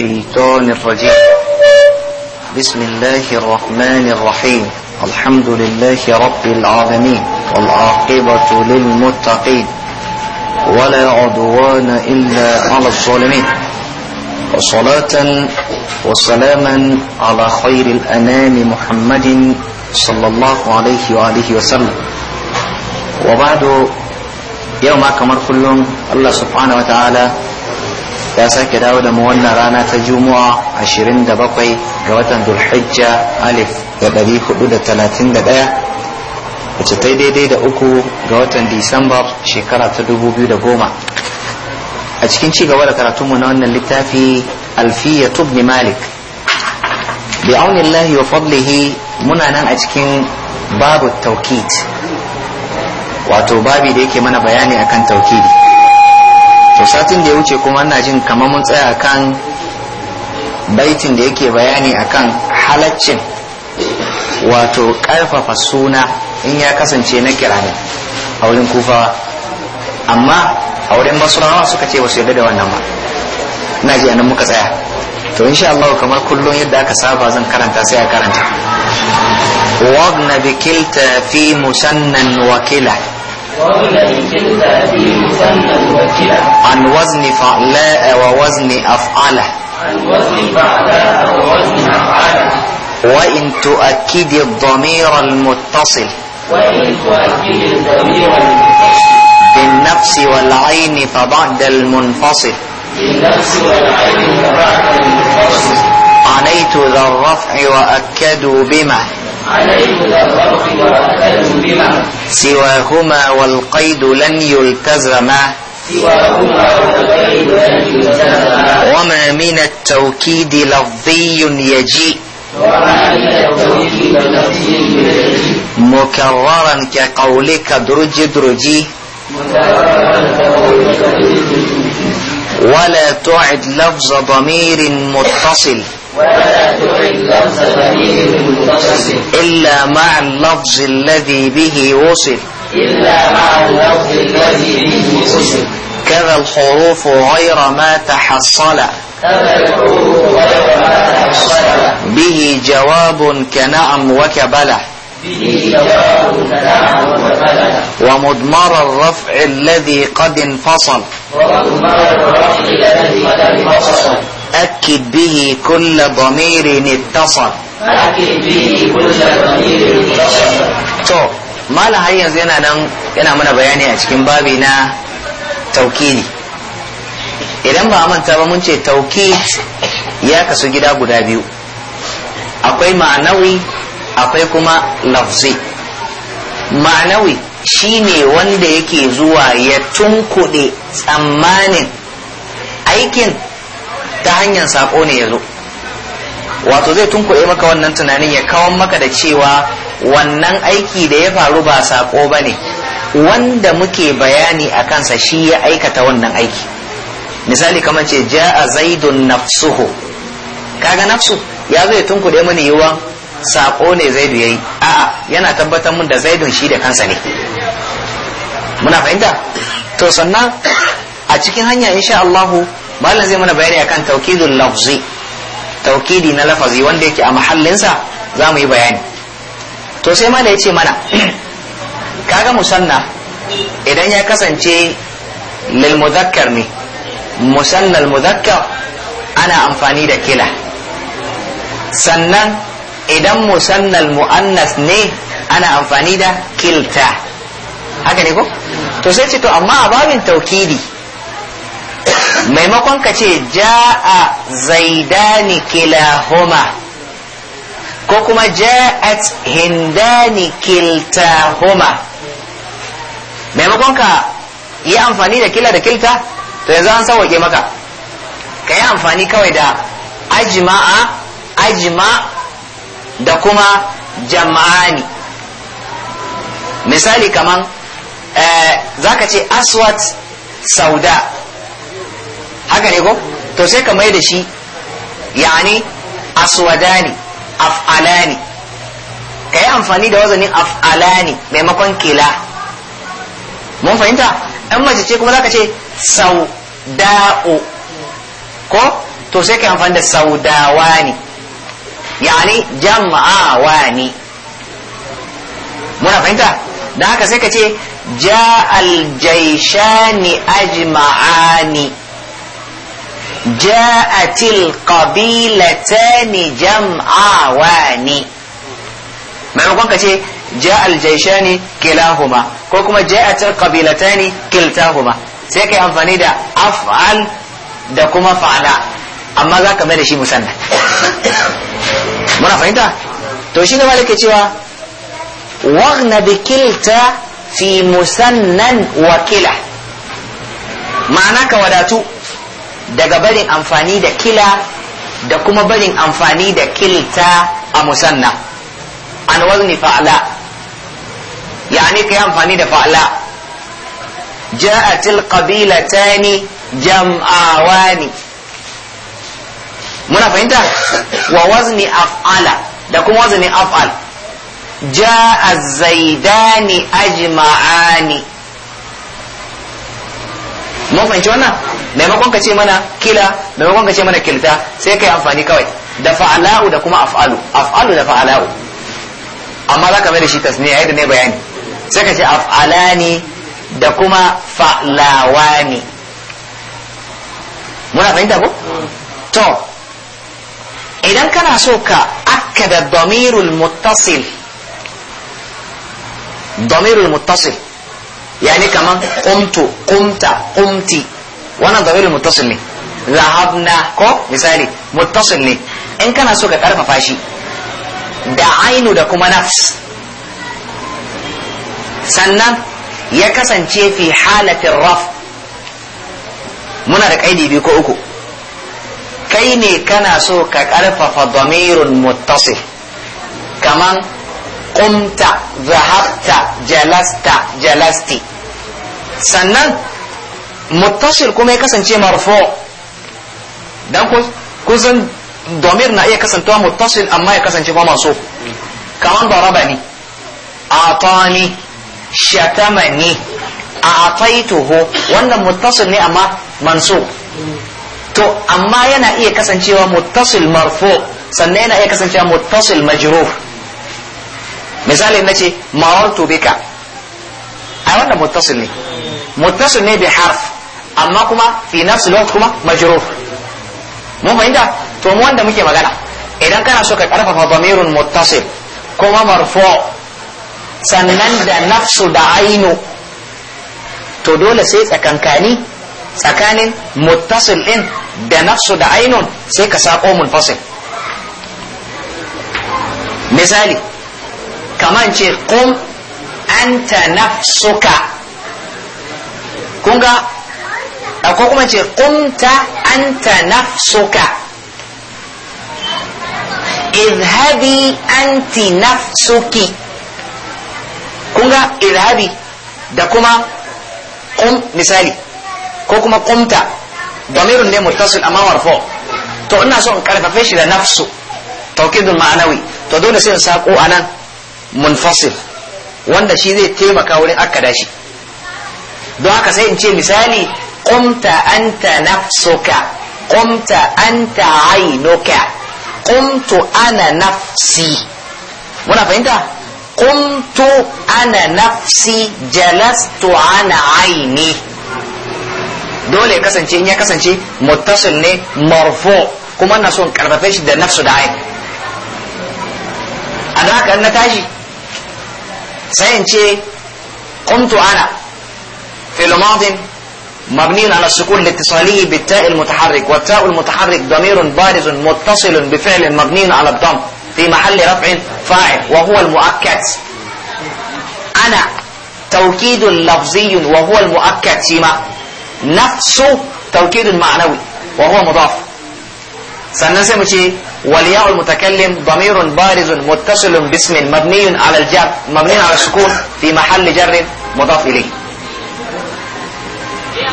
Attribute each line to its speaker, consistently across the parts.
Speaker 1: الشيطان الرجيم بسم الله الرحمن الرحيم الحمد لله رب العالمين والعاقبة للمتقين ولا عدوان إلا على الظالمين وصلاة وسلاما على خير الأنام محمد صلى الله عليه وآله وسلم وبعد يوم أكمل كلهم الله سبحانه وتعالى ya sake dawo da mu wannan rana ta juma'a 27 ga watan dulhijja alif da 431 wacce ta daidai da uku ga watan disamba shekara ta 2010 a cikin ci gaba da karatunmu na wannan littafi alfiya tubni malik bi aunillahi wa fadlihi muna nan a cikin babu taukid wato babi da yake mana bayani akan taukidi to satin da ya wuce kuma ana jin kamar mun tsaya kan baitin da yake bayani akan halaccin wato karfafa suna in ya kasance na kira ne a wurin kufawa amma a wurin basurawa suka ce wasu yadda da wannan ba na ji anan muka tsaya to insha Allah kamar kullum yadda aka saba zan karanta sai a karanta wabna kilta fi musannan wakila عن وزن فعلاء ووزن أفعله عن وزن فعلاء ووزن أفعله وإن تؤكد الضمير المتصل وإن الضمير المتصل بالنفس والعين فبعد المنفصل بالنفس والعين فبعد المنفصل عنيت ذا الرفع وأكدوا بما سواهما والقيد لن يلتزما سواهما والقيد لن يلتزما وما من التوكيد لفظي يجيء مكررا كقولك درج درجي ولا تعد لفظ ضمير متصل ولا تعد اللفظ بديل المتصل إلا مع اللفظ الذي به وصل إلا مع اللفظ الذي به وصل كذا الحروف غير ما تحصل كذا الحروف غير ما تحصل به جواب كنعم وكبلة به جواب كنعم وكبلة ومضمر الرفع الذي قد انفصل ومضمر الرفع الذي قد انفصل أكد به كل ضمير اتصل أكد به كل ضمير اتصل تو ما لها ينزل أنا نم أنا من بياني أشكين بابنا توكيدي idan ba a manta ba mun ce tauki ya kasu gida guda biyu akwai ma'anawi akwai kuma lafzi ma'anawi shine wanda yake zuwa ya tunkuɗe tsammanin aikin ta hanyar sako ne ya zo wato zai tunkuɗe maka wannan tunanin ya kawo maka da cewa wannan aiki da ya faru ba sako ba ne wanda muke bayani a kansa shi ya aikata wannan aiki misali kamar ce ja a zaidun nafsuhu kaga nafsu ya zo ya tunkuɗe mana yiwuwa sako ne zaidu yayi a'a yana tabbatar mun da zaidun shi da kansa ne muna fahimta to sannan a cikin hanya insha Allahu malam zai mana bayani akan taukidul lafzi taukidi na lafazi wanda yake a mahallinsa za mu yi bayani to sai mana ya ce mana kaga musanna idan ya kasance lil mudhakkar ne musannal mudhakkar ana amfani da kila sannan idan musannal mu'annas ne ana amfani da kilta haka ne ko to sai ce to amma a babin taukidi maimakon ka ce ja'a zaidani kilahuma ko kuma ja'at hindani kiltahuma maimakon ka yi amfani da kila da kilta to yanzu an sauwake maka ka yi amfani kawai da ajima'a ajima da kuma jama'ani misali kaman eh, za ka ce aswat sauda haka ne ko to sai ka mai da shi yani aswadani af'alani ka yi amfani da wazanin af'alani maimakon kila mun fahimta ɗan mace ce kuma za ka ce sauda'u ko to sai ka yi amfani da saudawani yani jama'awani muna fahimta da haka sai ka ce ja aljaishani ajma'ani ja'atil qabilatani jam'awani maimakon ka ce ja'al jaishani kilahuma ko kuma ja'atil qabilatani kiltahuma sai kai amfani da af'al da kuma fa'ala amma za ka da shi musanna muna fahimta to shi ne malaka cewa wagna bi kilta fi mu sannan wakila. ma'ana ka wadatu daga barin amfani da kila da kuma barin amfani da kilta a musanna an wazni fa'ala ka kai amfani da fa'ala ja'atil qabilatani jam'awani muna fahimta wa wazni af'ala da kuma wazni af'al ja'a zaidani ajma'ani mun fahimci wannan maimakon ka ce mana kila maimakon ka ce mana kilta sai ka yi amfani kawai da fa'ala'u da kuma af'alu af'alu da fa'ala'u amma za ka mai da shi tasniya yadda ne bayani sai ka ce af'alani da kuma fa'lawani muna fahimta ko to idan kana so ka akkada damirul muttasil damirul muttasil yani kaman kumtu kumta kumti wannan damirin muttasil ne zahabna ko misali muttasil ne in kana so ka karfafa shi da ainu da kuma nafs sannan ya kasance fi halatin raf muna da kaidi biyu ko uku kai ne kana so ka karfafa damirun muttasil kaman kumta zahabta jalasta jalasti sannan muttasil kuma ya kasance marfo dan kusan domir na iya kasantawa muttasil amma ya kasance kuma maso kamar daraba ne atani shatamani a'taituhu wannan muttasil ne amma manso to amma yana iya kasancewa muttasil marfo sannan yana iya kasancewa muttasil majrur misali nace marartu bika ai wannan muttasil ne muttasil ne bai harf amma kuma fi nafsi lokaci kuma majrur mun fahimta to mu wanda muke magana idan kana so ka karfafa damirun muttasil kuma marfu sannan da nafsu da ainu to dole sai tsakankani tsakanin muttasil din da nafsu da ainun sai ka sako munfasil misali kaman ce qum anta nafsuka kun ga ko kuma ce kunta anta nafsuka Idhabi anti nafsuki kun ga da kuma kum misali ko kuma kumta damirun ne muttasil amma warfo. to ina so in karfafe shi da nafsu tawkidul ma'anawi to dole sai in sako anan munfasil wanda shi zai taimaka wurin da shi don haka sai in ce misali Kumta anta nafsuka qumta anta ainuka qumtu ana nafsi muna fahimta Kumtu ana nafsi jalastu ana aini dole kasance in ya kasance muttasil ne marfo kuma na son karfafe shi da nafsu da aini a haka na tashi sai in ce kumtu ana فعل ماض مبني على السكون لاتصاله بالتاء المتحرك والتاء المتحرك ضمير بارز متصل بفعل مبني على الضم في محل رفع فاعل وهو المؤكد أنا توكيد لفظي وهو المؤكد سيما نفس توكيد معنوي وهو مضاف سننسي sai ولياء المتكلم ضمير بارز متصل باسم مبني على الجر مبني على السكون في محل جر مضاف إليه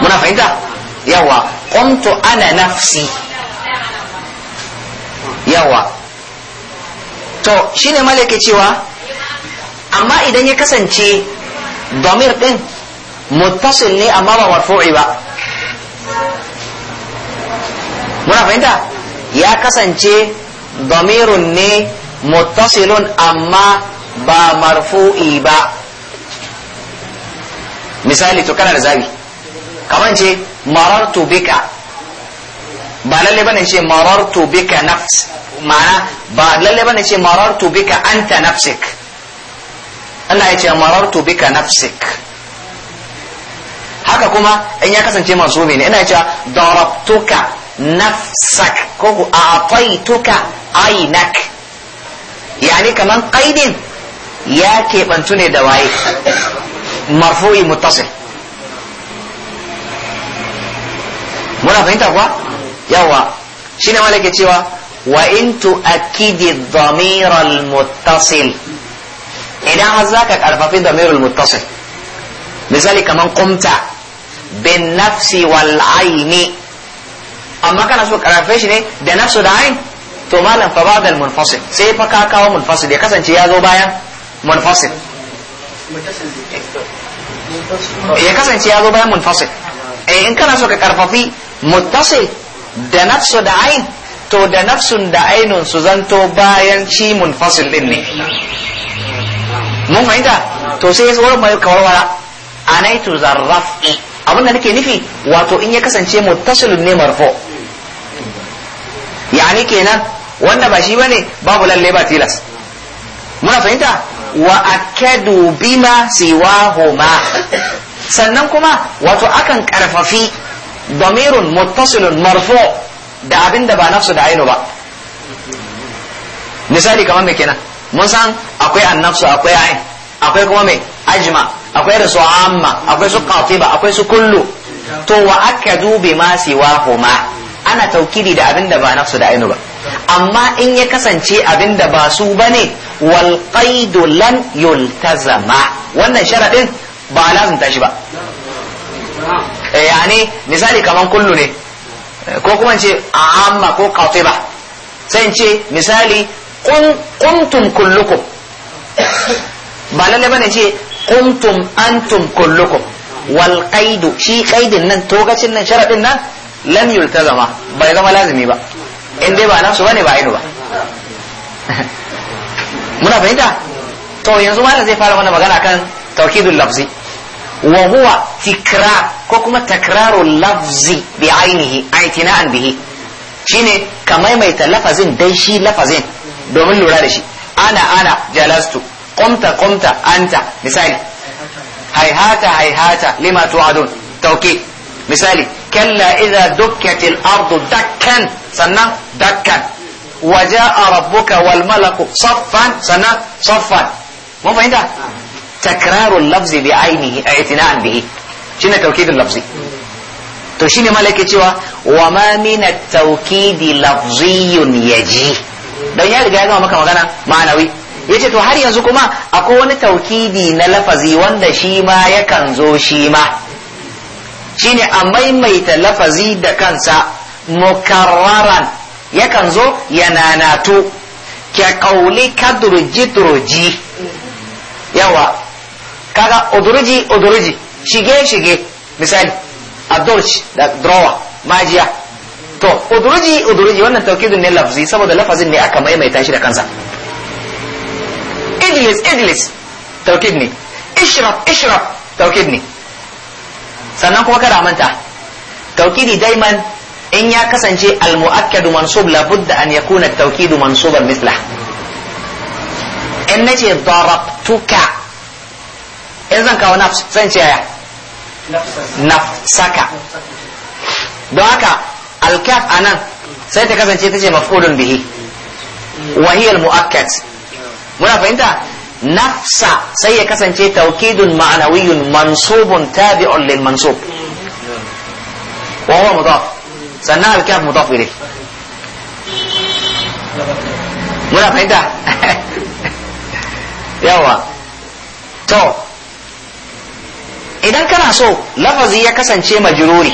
Speaker 1: muna fahimta yawa kwamto ana nafsi yawa to shine malaka cewa amma idan ya kasance damir din muttasil ne amma ba marfu'i ba muna fahimta ya kasance damirun ne mutasilun amma ba marfu'i ba misali to kana da zabi kamar ce marartu bika ba lalle bane ce marartu bika nafs ma'ana ba lalle bane ce marartu bika anta nafsik Allah ya ce marartu bika nafsik haka kuma in ya kasance masu ne ina cewa darabtuka nafsak ko ku ataituka ainak yani kaman qaidin ya keɓantu ne da waye marfu'i muttasil muna fahimta kuwa yawa shine malaka cewa wa in tu'akkidi dhamir al-muttasil idan har zaka karfafi dhamir al-muttasil misali kaman qumta bin nafsi wal aini amma kana so karfafe shi ne da nafsu da ain to malam fa ba'da al-munfasil sai fa ka kawo munfasil ya kasance ya zo bayan munfasil ya kasance ya zo bayan munfasil eh in kana so ka karfafi muttasil da nafsu da ain to da nafsun da ainun su zanto bayan ci munfasil din ne mun fahimta to sai ya tsoron mai kawarwara to zarrafi abin da nake nufi wato in ya kasance muttasilun ne marfo yani kenan wanda ba shi bane babu lalle ba tilas muna fahimta wa akadu bima siwa homa. sannan kuma wato akan karfafi damirun muttasilun marfu da abin da ba nafsu da ainu ba misali kamar mai kenan mun san akwai nafsu akwai ain akwai kuma mai ajma akwai da su amma akwai su qatiba akwai su kullu to wa aka bi ma siwahuma ana taukidi da abin da ba nafsu da ainu ba amma in ya kasance abin da ba su bane wal qaidu lan yultazama wannan sharadin ba lazim tashi ba Eh, yani misali kaman kullu ne eh, ko kuma ce amma ko qatiba sai ce misali kuntum kullukum ba lalle bane ce kuntum antum kullukum wal qaidu shi qaidin nan togacin nan sharadin nan lam yultazama bai zama lazimi ba in dai ba nan su bane ba ido ba muna fahimta to yanzu malam zai fara mana magana kan tawhidul lafzi wa huwa tikra ko kuma takrarul lafzi bi ainihi aitina'an bihi shine ka maimaita lafazin dai shi lafazin
Speaker 2: domin lura da shi
Speaker 1: ana ana jalastu qumta qumta anta misali hayhata hayhata lima tu'adun tauki misali kalla idza dukkatil ardu dakkan sannan dakkan waja'a rabbuka wal malaku saffan sannan saffan mun fahimta takrarul lafzi bi ainihi a eh, itina'an bihi shine tawkidul lafzi to shine malaka cewa wamamina ma min at-tawkidi lafziyun yaji dan ya riga ya gama maka magana ma'anawi yace to har yanzu kuma akwai wani taukidi na lafazi wanda shi ma yakan zo shi ma shine a maimaita lafazi da kansa mukarraran yakan zo yana nato ka kauli kadurji yawa kaga odurji odurji shige shige misali adurj da drawer majiya to udurji udurji wannan taukidun ne lafzi saboda lafazin ne aka maimaita shi da kansa idlis idlis taukid ne ishraf ishraf taukid ne sannan kuma kada manta taukidi daiman in ya kasance almu'akkadu mansub labudda an yakuna taukidu mansuban misla. in nace darabtuka in eh, zan kawo nafs zan ce yaya nafsaka don haka alkaf a nan sai ta kasance ta ce maf'ulun bihi wahiyar mu'akkad muna fahimta nafsa sai ya kasance taukidun ma'anawiyyun mansubun tabi'un lil mansub wa huwa mudaf sannan alkaf mudaf ilayh muna fahimta yawa to idan kana so lafazi ya kasance majruri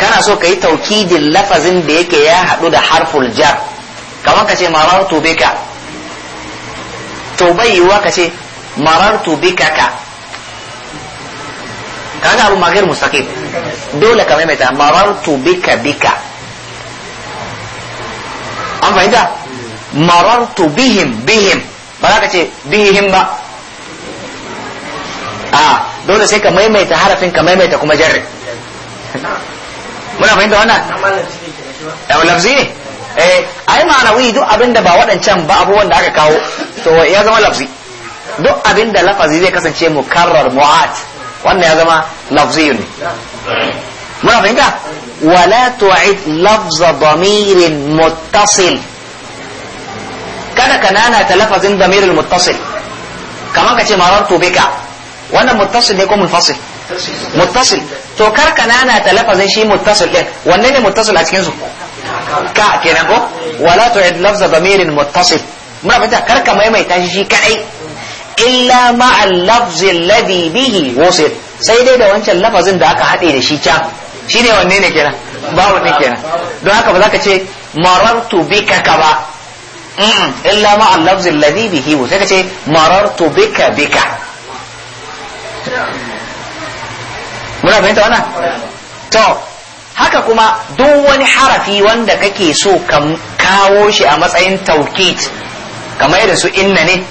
Speaker 1: kana so ka yi taukidin lafazin da yake ya haɗu da harful jar kamar ka ce marar bika to yiwuwa ka ce marar bika ka kaga abu magir mustaqim dole ka maimaita marar bika bika an fahimta marar tubihim bihim ba za ka ce bihim ba a dole sai ka maimaita harafin ka maimaita kuma jarri muna fahimta wannan yawon lafzi ne eh ai ma'anawi duk abinda ba waɗancan ba abubuwan da aka kawo to ya zama lafzi duk abinda lafazi zai kasance mukarrar mu'at wannan ya zama lafzi ne muna fahimta wala tu'id lafza damirin muttasil kada ka nana ta lafazin damirin muttasil kamar ka ce marar tubika wannan muttasil ne ko munfasil muttasil to kar ka nana ta lafazin shi muttasil din wanne ne muttasil a cikin su ka kenan ko wala to tu'id lafza damirin muttasil muna fahimta kar ka maimaita shi kadai illa ma al-lafzi alladhi bihi wasil sai dai da wancan lafazin da aka hade da shi can shine wanne ne kenan ba wanne kenan don haka ba za ka ce marartu bika ka ba illa ma al-lafzi alladhi bihi wasil sai ka ce marartu bika bika muna fahimta wannan to haka kuma duk wani harafi wanda kake so ka kawo shi a matsayin taukid kamar irin su inna ne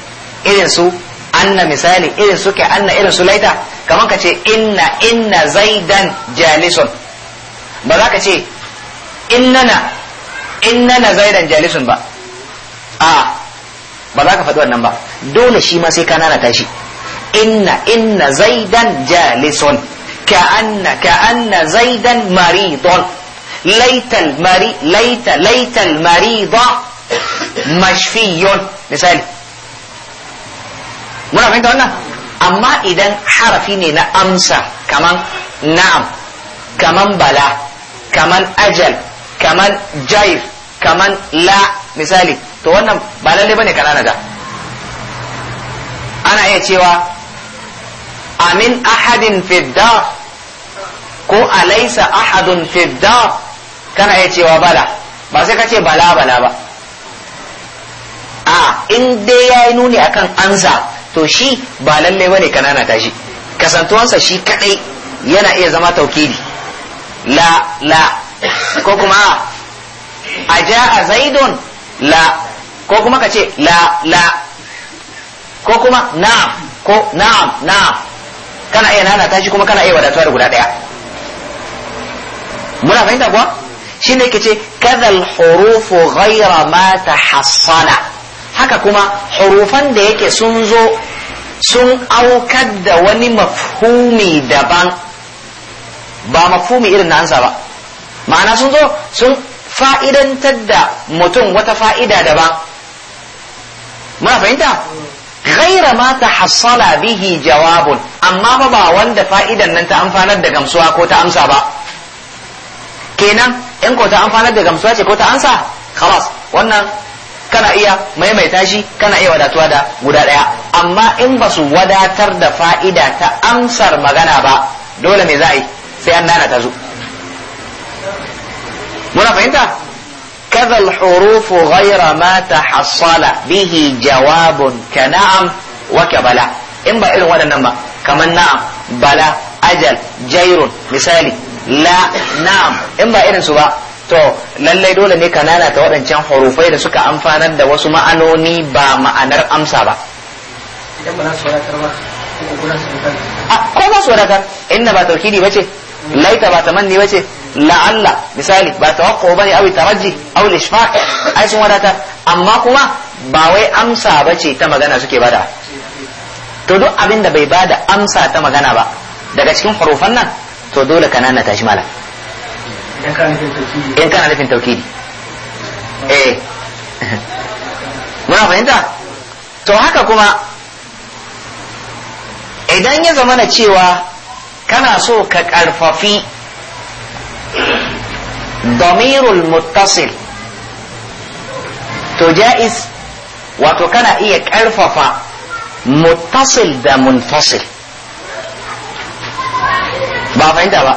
Speaker 1: irin su anna misali irin su ke anna irin su laita kamar ka ce inna inna zaidan jalison ba za ka ce innana innana zaidan jalison ba a ba za ka faɗi wannan ba dole shi ma sai ka nanata shi إن إن زيدا جالس كأن كأن زيدا مريض ليت المري ليت ليت المريض مشفي مثال muna fahimta wannan amma idan harafi ne na amsa kaman na'am kaman bala kaman ajal kaman jair kaman la misali to wannan ba lalle bane kanana da ana iya cewa amin ahadin fidda ko alaisa Ahadin fidda kana iya cewa bala ba sai ka ce bala bala ba a in dai ya yi nuni akan ansa to shi ba lallai bane kanana tashi kasantuwansa shi kadai yana iya zama taukidi la la ko kuma a ja a zaidon la ko kuma ka ce la la ko kuma na. ko na'am na'am kana iya nanata shi kuma kana iya wadatuwa da guda ɗaya muna fahimta kuwa shi ne ce kadal hurufu ghaira ma hassana haka kuma hurufan da yake sun zo sun aukar da wani mafhumi daban ba mafhumi irin na ansa ba ma'ana sun zo sun fa'idantar da mutum wata fa'ida daban muna fahimta ghaira mata tahassala bihi jawabun amma ba wanda fa'idan nan ta amfanar da gamsuwa ko ta amsa ba kenan yan ko ta amfanar da gamsuwa ce ko ta amsa khalas wannan kana iya maimaita shi kana iya wadatuwa da guda ɗaya. amma in basu wadatar da fa'ida ta amsar magana ba dole me za a yi sai an nana ta zo muna fahimta كذا الحروف غير ما تحصل به جواب كنعم وكبلا إن بإذن ولا نما كما نعم بلا أجل جير مثالي لا نعم إن بإذن سبا to lallai dole ne ka ta waɗancan hurufai da suka amfanar da wasu ma'anoni ba ma'anar amsa ba idan ba za su wadatar ba ko za su wadatar inda ba tauhidi ba ce laita ba ta manne bace la'alla misali ba ta tawaqqu bane awi taraji aw al-ishfaq ai sun wadata amma kuma ba wai amsa bace ta magana suke bada to duk abinda bai bada amsa ta magana ba daga cikin hurufan nan to dole kanana tashi mala in kana nufin taukidi eh muna fahimta to haka kuma idan ya zama na cewa kana so ka ƙarfafi damirul muttasil to ja'is wato kana iya ƙarfafa muttasil da munfasil ba fahimta ba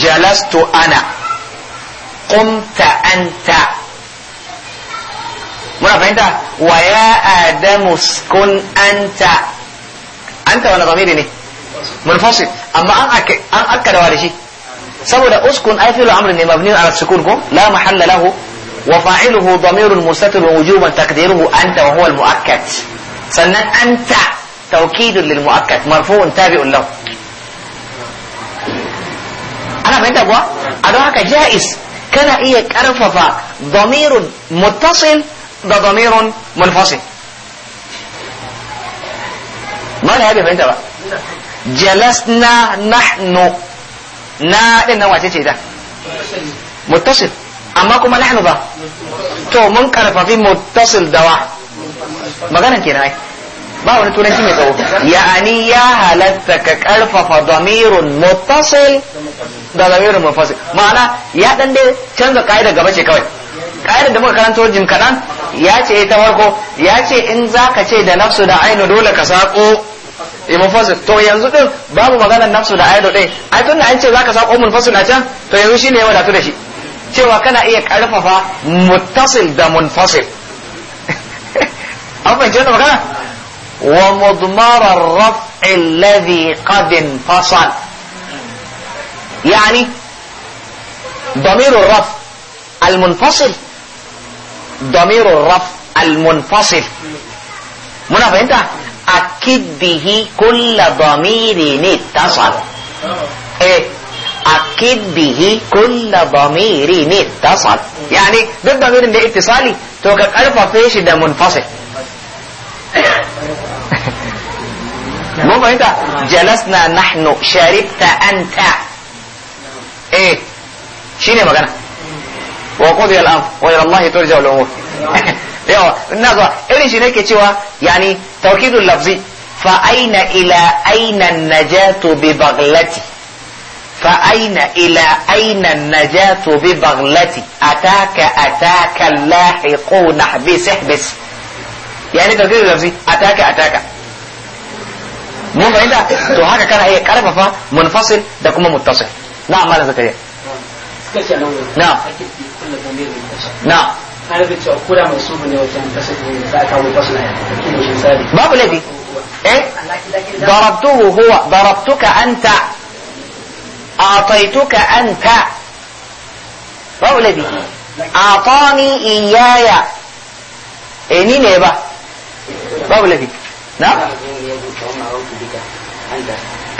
Speaker 1: jalastu ana qumta anta muna fahimta wa ya adamu skun anta anta wani zamiri ne منفصل أما أن أك أن أكد وارجي سبب أسكن أي فعل أمر مبني على السكون لا محل له وفاعله ضمير مستتر وجوبا تقديره أنت وهو المؤكد سنة أنت توكيد للمؤكد مرفوع تابع له أنا من دبوا أدوك جائز كان إيه كرففا ضمير متصل ضمير منفصل ما لا هذا من jalasna nahnu na din nan wace ce da muttasil amma kuma nahnu ba to mun karfafi muttasil dawa maganan kenan ai ba wani turanci mai tsawo ya'ani ya halatta ka karfafa damirun muttasil da damirun muttasil ma'ana ya dan dai canza kai daga bace kawai kai da muka karanto jim kadan ya ce ta farko ya ce in zaka ce da nafsu da ainu dole ka sako yi munfasil to yanzu din babu maganar nafsu da aido din ai tunda an ce zaka sako munfasil a can to yanzu shine ya wadatu da shi cewa kana iya karfafa muttasil da munfasil an fahimci wannan magana wa mudmarar raf'i alladhi qad infasal yani ضمير الرفع المنفصل ضمير الرفع المنفصل muna fahimta أكد به كل ضمير اتصل آه. إيه أكد به كل ضمير اتصل يعني ده الضمير اللي اتصالي توقف ألف فيش ده منفصل مو انت جلسنا نحن شربت انت ايه شيني مكانها وقضي الامر والى الله ترجع الامور yawa ina zuwa irin shi التوكيد اللفظي فأين إلى أين النجاة ببغلتي فأين إلى أين النجاة ببغلتي أتاك أتاك اللاحقون احبس احبس يعني توكيد اللفظي أتاك أتاك mun fahimta to haka kana iya karfafa munfasil da kuma muttasil na amma da zakariya na na har da cewa koda mai su ne wajen kasar ne za a kawo basu na yanzu shi sabi babu eh darabtuhu huwa darabtuka anta eh, ba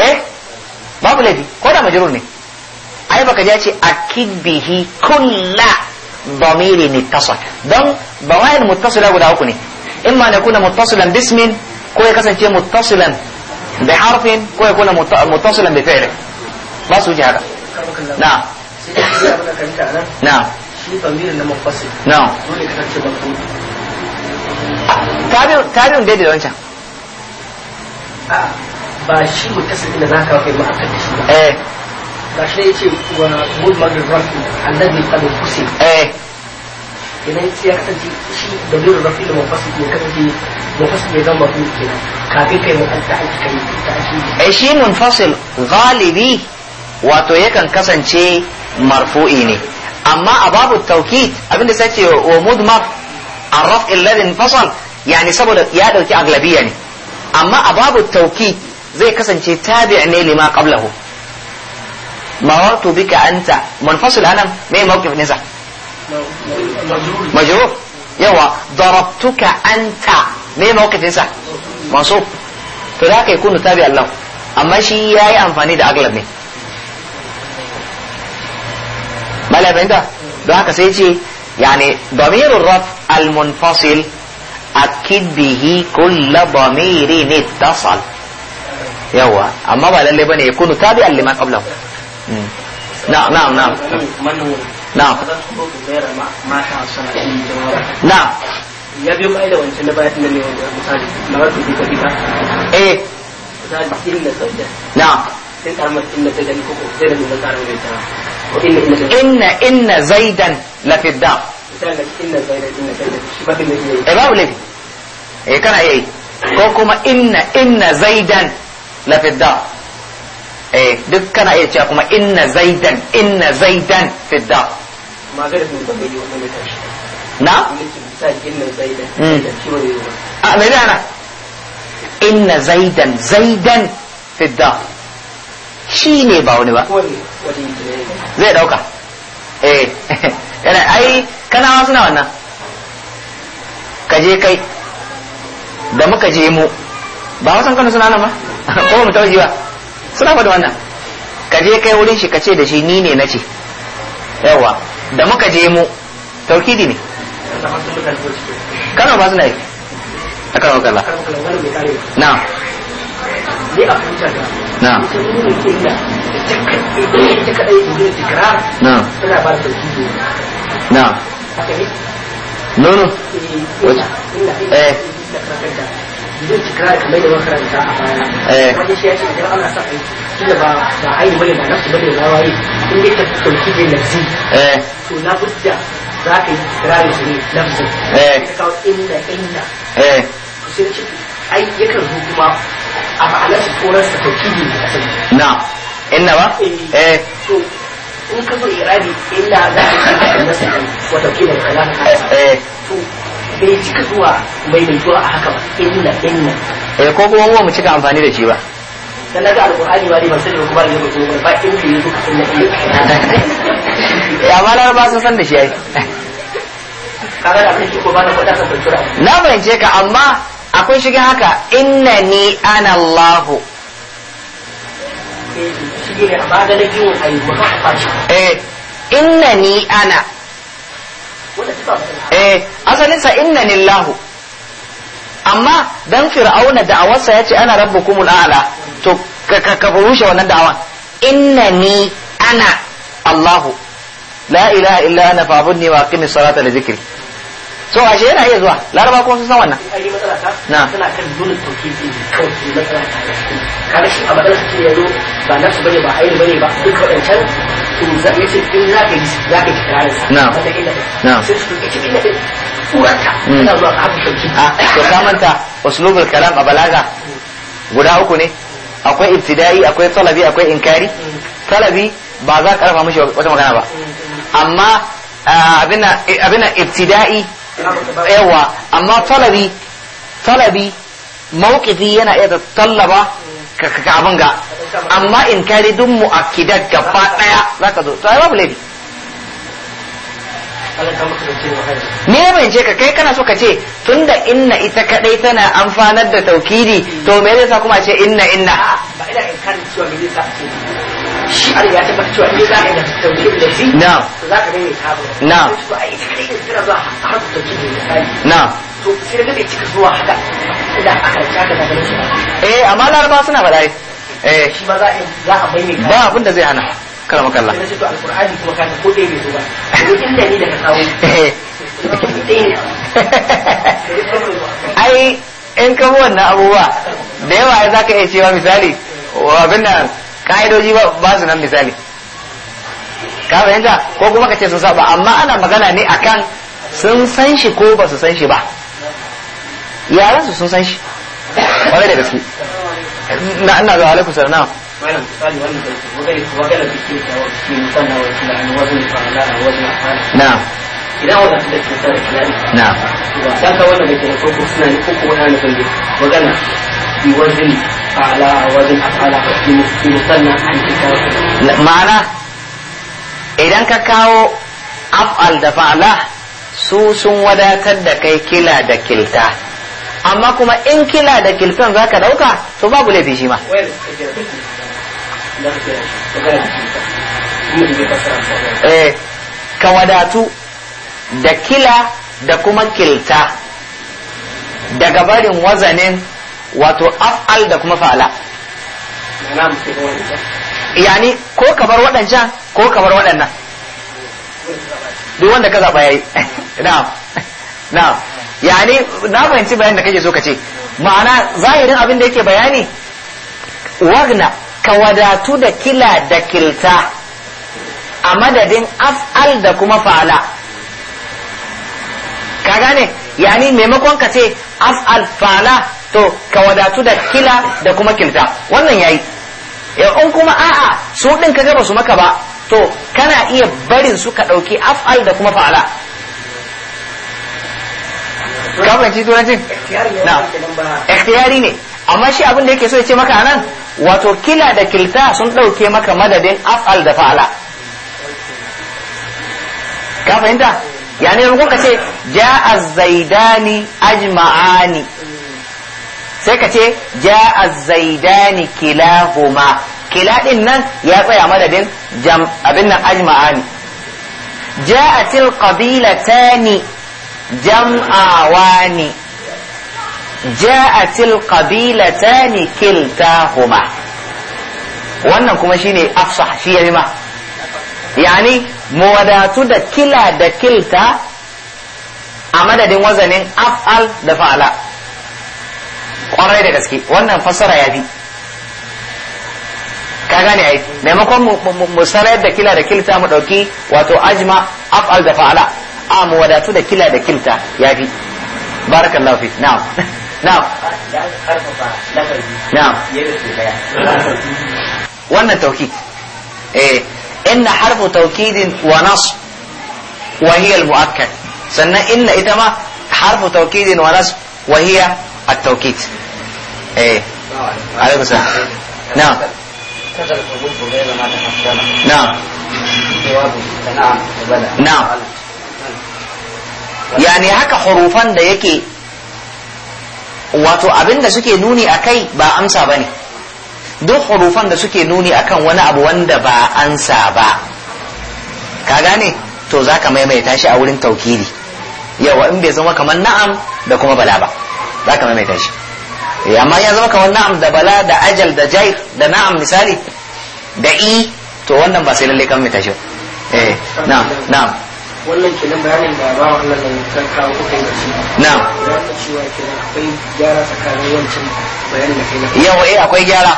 Speaker 1: eh? babu laifi ko da majrur ai baka ji ce akid bihi ضمير متصل دم ضمائر متصلة ولا أكني إما أن يكون متصلا باسم كوي كسن شيء متصلا بحرف كوي يكون متصلا بفعل بس وجه هذا نعم نعم نعم tabi'un tabi'un daidai da wancan ba shi mutasabbi da zaka kai ba akan shi eh gashi ne ce wa mudmarin rafi annabi qad fusil eh kenan sai ya kasance shi da lura rafi da mafasi ke kasance mafasi ya zama mafi kenan kafin kai mu ta aiki kai ta aiki eh shi mun munfasil galibi wato yakan kasance marfu'i ne amma a babu tawkid abinda sai ce wa mudmar الرفع الذي انفصل يعني saboda ya dauki aglabiya ne amma a babu tawkid zai kasance tabi' ne lima qablahu مررت بك أنت منفصل أنا ما هي موقف نزع مجرور يوا ضربتك أنت ما هي موقف نزع منصوب فذاك يكون تابع له أما شيء يا أنفاني ده أغلب ne بلا فهمت ده هكا سيجي يعني ضمير الرفع المنفصل أكد به كل ضمير اتصل يوا أما بقى اللي بني يكون تابعا لما قبله
Speaker 2: نعم نعم نعم
Speaker 1: من هو نعم ما نعم. إيه. نعم إن إن زيدا لفي الدار. إبراهيم ليه؟ إيه كنا إيه؟ كوكما إن إن زيدا لفي الدار. eh duk kana iya cewa kuma inna zaidan inna zaidan fidda ma zai da bai yi wani tashi na inna zaidan mm. a me zai ana inna zaidan zaidan fidda shi ne ba wani ba zai dauka eh yana ai kana suna wannan kaje kai da muka je mu ba wasan kano suna nan ba ko mu tauji ba suna faɗi wannan ka je kai wurin shi ka ce da shi ni ne na ce yawa da muka je mu tauhidi ne kana ba suna yi a kan wakala na na na na Na. Na. zai eh. da ya ce sa aiki tunda ba ba ba ba eh. to na za eh. kawo inna ai yakan zo kuma a ma'anarsa tsoronsa tauki da nafsi na ba eh to in ka zo irabi inna za ka yi tikrarin nafsi wato kila da alaƙa to bai cika zuwa bai bai zuwa a haka ba inna inna eh ko kuma mu cika amfani da shi ba dan naga alqur'ani ba dai ban sani ba kuma da ne ba ba inda yake inna inna ya eh, malar ba sun san da shi ai kaga da kake ko ba na faɗa ka kultura na fahimce ka amma akwai shiga haka inna ni ana Allahu eh, eh inna ni ana eh asalin sa inna lillahu amma dan fir'auna da'awarsa yace ana rabbukumul a'la to ka ka rushe wannan da'awan innani ana Allahu la ilaha illa ana fa'budni wa aqimi salata li dhikri so ashe yana iya zuwa laraba ko sun san wannan na suna kan nuna tauhidi kawai matsala ta kada shi a madalci ya zo ba nasu bane ba aini bane ba duk wadancan za yi yi mm. ah, to ka manta uslubul kalam a balaga guda uku ne akwai ibtida'i akwai talabi akwai inkari talabi ba za ka rafa mishi wata magana ba amma ah, abin eh, ibtida'i yawa amma talabi talabi yana iya tallaba ka ka abin ga amma in kari duk mu'akkidat gaba daya za ka zo to ai babu laifi me ya bayyance ka kai kana so ka ce tunda inna ita kadai tana amfanar da taukidi to me zai sa kuma ce inna inna ba ina in kan cewa me zai sa ce shi Allah ya tabbata cewa me za a yi taukidi da shi na za ka dai ta ba na to ai ita kadai tana zuwa har taukidi da na to sai ga bai cika zuwa haka idan aka rance haka da ganin shi eh amma laraba suna faɗa eh shi ba za a za a bai ne ba abin da zai hana karama kallah sai to alqur'ani kuma ka ko dai bai zo ba to inda ni daga kawo eh. ai in kama wannan abubuwa da yawa ai zaka iya cewa misali abin nan ka'idoji ba su nan misali ka fahimta ko kuma ka ce sun saba amma ana magana ne akan sun san shi ko ba su san shi ba yaran su sun san shi kwarai da gaske na ina zuwa alaikum salam na'am malam misali wannan magana take da wani sannan a wasu na'am idan wata su da ke sa kiyani na'am wasan ka wannan da ke da koko suna ne koko wani nufin ne magana bi wajen fa'ala a wajen afala bi musanna an kisa ma'ana idan ka kawo af'al da fa'ala su sun wadatar da kai kila da kilta amma kuma in kila da za ka dauka to babu laifi shi ma eh, ka wadatu da kila da kuma kilta daga barin wazanin wato af'al da kuma fa'ala yani ko ka bar waɗancan ko ka bar waɗannan duk wanda ka zaɓa yayi na'am na'am yani na fahimci bayanin da kake so ka ce ma'ana zahirin abin da yake bayani wagna ka wadatu da kila da kilta a madadin af'al da kuma fa'ala ka gane yani maimakon ka ce af'al fa'ala to ka wadatu da kila da kuma kilta wannan yayi in kuma a'a su din ka ga ba su maka ba to kana iya barin su ka ɗauki af'al da kuma fa'ala ka fahimci turancin na ikhtiyari ne amma shi abin da yake so ya ce maka nan wato kila da kilta sun ɗauke maka madadin af'al da fa'ala ka fahimta ne rukun ka ce ja'a zaidani ajma'ani sai ka ce ja'a zaidani kilahuma kila ɗin nan ya tsaya madadin jam abin nan ajma'ani ja'atil qabilatani jam'awa ne ja'atil qabilatani kiltahuma wannan kuma shine afsah shi yayi ma yani mu wadatu da kila da kilta a madadin wazanin af'al da fa'ala kwarai da gaske wannan fassara ya fi ka gane ai maimakon mu sarar da kila da kilta mu dauki wato ajma af'al da fa'ala a wadatu da kila da kilta ya fi barakallahu fi na'am na'am na'am wannan tauhid eh inna harfu tawkidin wa nas wa hiya al muakkad sannan inna ita ma harfu tawkidin wa nas wa hiya at tawkid eh alaikum salam na'am kada na ta na'am na'am yani haka hurufan da yake wato abin da suke nuni a kai ba amsa ba ne duk hurufan da suke nuni akan wani abu wanda ba ansa ba ka gane to za ka maimaita shi a wurin taukiri yawa in bai zama kamar na'am da kuma bala ba za ka maimaita shi eh, amma ya zama kamar na'am da bala da ajal da jair da na'am misali da i to wannan ba sai lallai kan maimaita shi eh na'am na'am wannan kenan bayanin da ba wannan da kan kawo kuka yi da shi na za ka cewa kenan akwai gyara tsakanin wancan bayanin da kai na yawa eh akwai gyara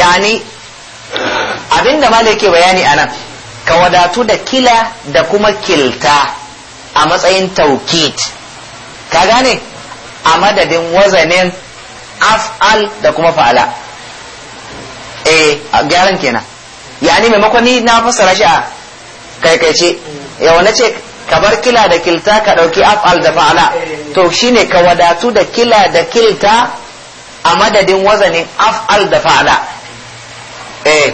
Speaker 1: yani abinda ma ke bayani a nan ka wadatu da kila da kuma kilta a matsayin taukit ka gane a madadin wazanin af'al da kuma fa'ala eh gyaran kenan yani maimakon ni na fassara shi a kaikaice yawa na ce ka bar kila da kilta ka ɗauki af'al da fa'ala to shine ka wadatu da kila da kilta a madadin wazanin af'al da fa'ala eh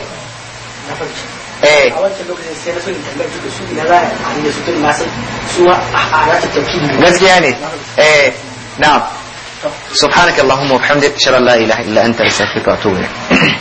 Speaker 1: eh gaskiya ne eh na'am سبحانك اللهم وبحمدك اشهد ان لا اله الا انت استغفرك واتوب اليك